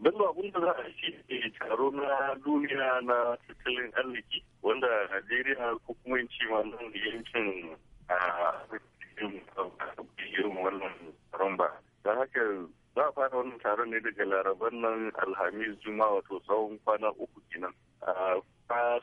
Bello abin da za a yi taro na duniya na tattalin arziki wanda Najeriya ko kuma in ce ma nan yankin a irin wannan taron ba. Da haka za a fara wannan taron ne daga laraban nan alhamis juma wato tsawon kwana uku kenan. A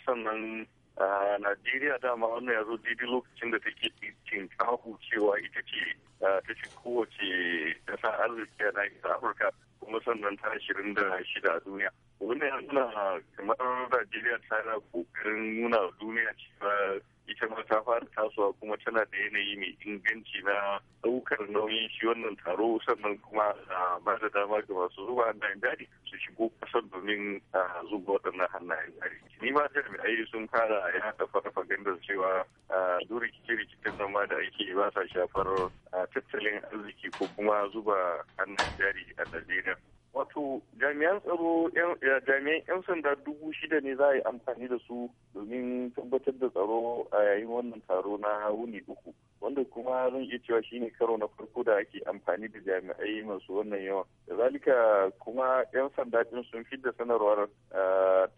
sannan a Najeriya dama wannan ya zo daidai lokacin da take cikin kahu cewa ita ce ta ce kowace ƙasa arziki a Afirka. kuma sannan ta ashirin da shida a duniya wannan ya nuna kamar najeriya tana kokarin nuna duniya cewa ita ma ta fara tasowa kuma tana da yanayi mai inganci na ɗaukar nauyin shi wannan taro sannan kuma ba da dama ga masu zuba hannayen jari su shigo kasar domin zuba waɗannan hannayen jari. Ni ma ayi sun fara yaɗa ganda cewa duk rikice-rikicen nan ma da ake ba sa shafar tattalin arziki ko kuma zuba hannayen jari a Najeriya. wato jami'an tsaro jami'an 'yan sanda dubu shida ne za a yi amfani da su domin tabbatar da tsaro a yayin wannan taro na wuni uku wanda kuma zan iya cewa shine karo na farko da ake amfani da jami'ai masu wannan yawa da zalika kuma 'yan sanda din sun fi da sanarwar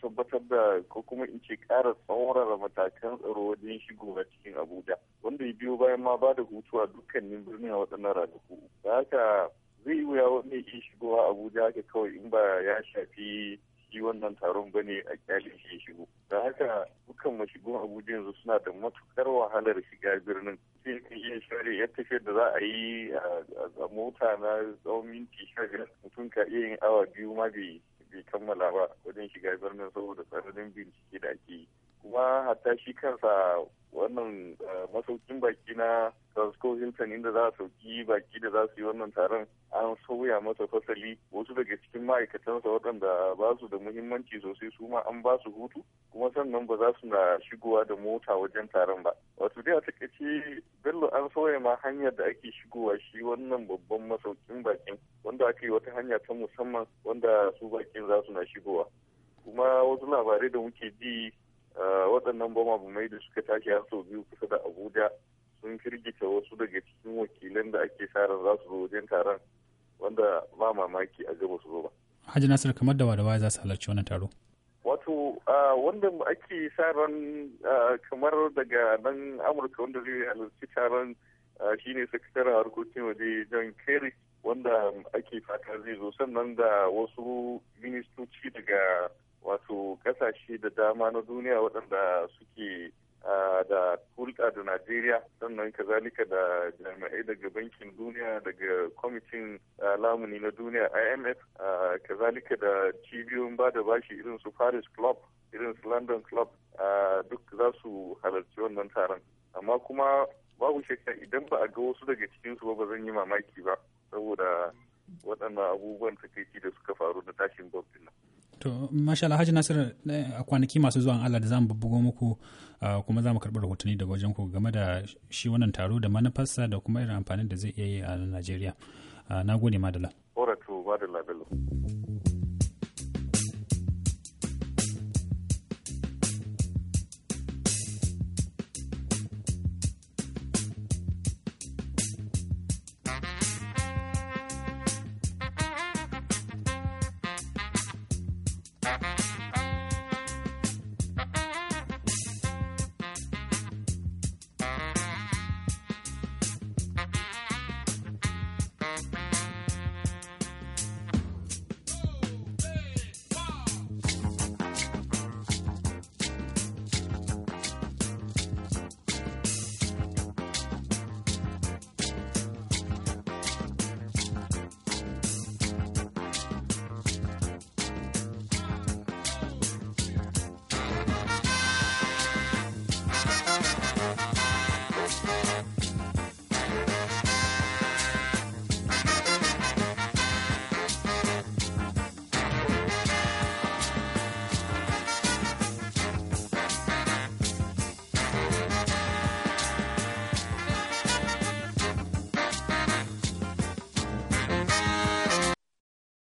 tabbatar da ko kuma in ce ƙara tsaurara matakan tsaro wajen shigo na cikin abuja wanda ya biyo bayan ma ba da hutu a dukkanin birnin a waɗannan ranaku da haka zai wuya wani ya shigowa abuja haka kawai in ba ya shafi shi wannan taron ba ne a kyalin shi shigo da haka dukkan mashigun abuja yanzu suna da matukar wahalar shiga birnin sai ka iya share ya tafi da za a yi a mota na tsawon minti sha mutum ka iya yin awa biyu ma bai kammala ba wajen shiga birnin saboda tsaronin bincike da ake yi kuma hatta shi kansa wannan eh, masaukin baki na Transco Hilton inda za a sauki baki da za su yi wannan taron an sauya masa fasali wasu daga cikin ma'aikatansa waɗanda ba su da muhimmanci sosai su ma an ba su hutu kuma sannan ba za su na shigowa da mota wajen taron ba. Wato dai a takaice Bello an sauya ma hanyar da ake shigowa shi wannan babban masaukin bakin wanda aka yi wata hanya ta musamman wanda su bakin za su na shigowa. Kuma wasu labarai da muke ji Eh, waɗannan bama-bamai da suka tashi har sau biyu kusa da abuja sun firgita wasu daga cikin wakilan da ake sa ran za su zo wajen taron wanda ba mamaki a gaba su zo ba. Hajji Nasir kamar da wadawa za su halarci wannan taro. Wato eh, wanda ake sa ran eh, kamar daga nan Amurka wanda zai halarci taron shine sakataren harkokin waje john kerry wanda ake fata zai zo sannan da wasu ministoci daga wato kasashe da dama na duniya waɗanda suke da hulɗa da najeriya sannan kazalika da jami'ai daga bankin duniya daga kwamitin lamuni na duniya imf kazalika da cibiyoyin ba da bashi irin su paris club irin su london club duk za su halarci wannan taron amma kuma babu shakka idan ba a ga wasu daga cikin su ba zan yi mamaki ba saboda waɗannan abubuwan takaici da suka faru na tashin gwamnati na. nan. To, mashallah Hajji Nasir a kwanaki masu zuwan Allah da za mu bubbugo muku kuma za mu karɓi rahotanni daga wajen ku game da shi wannan taro da manufarsa da kuma irin amfanin da zai iya yi a Najeriya. Na gode madala. madala bello. Thank you.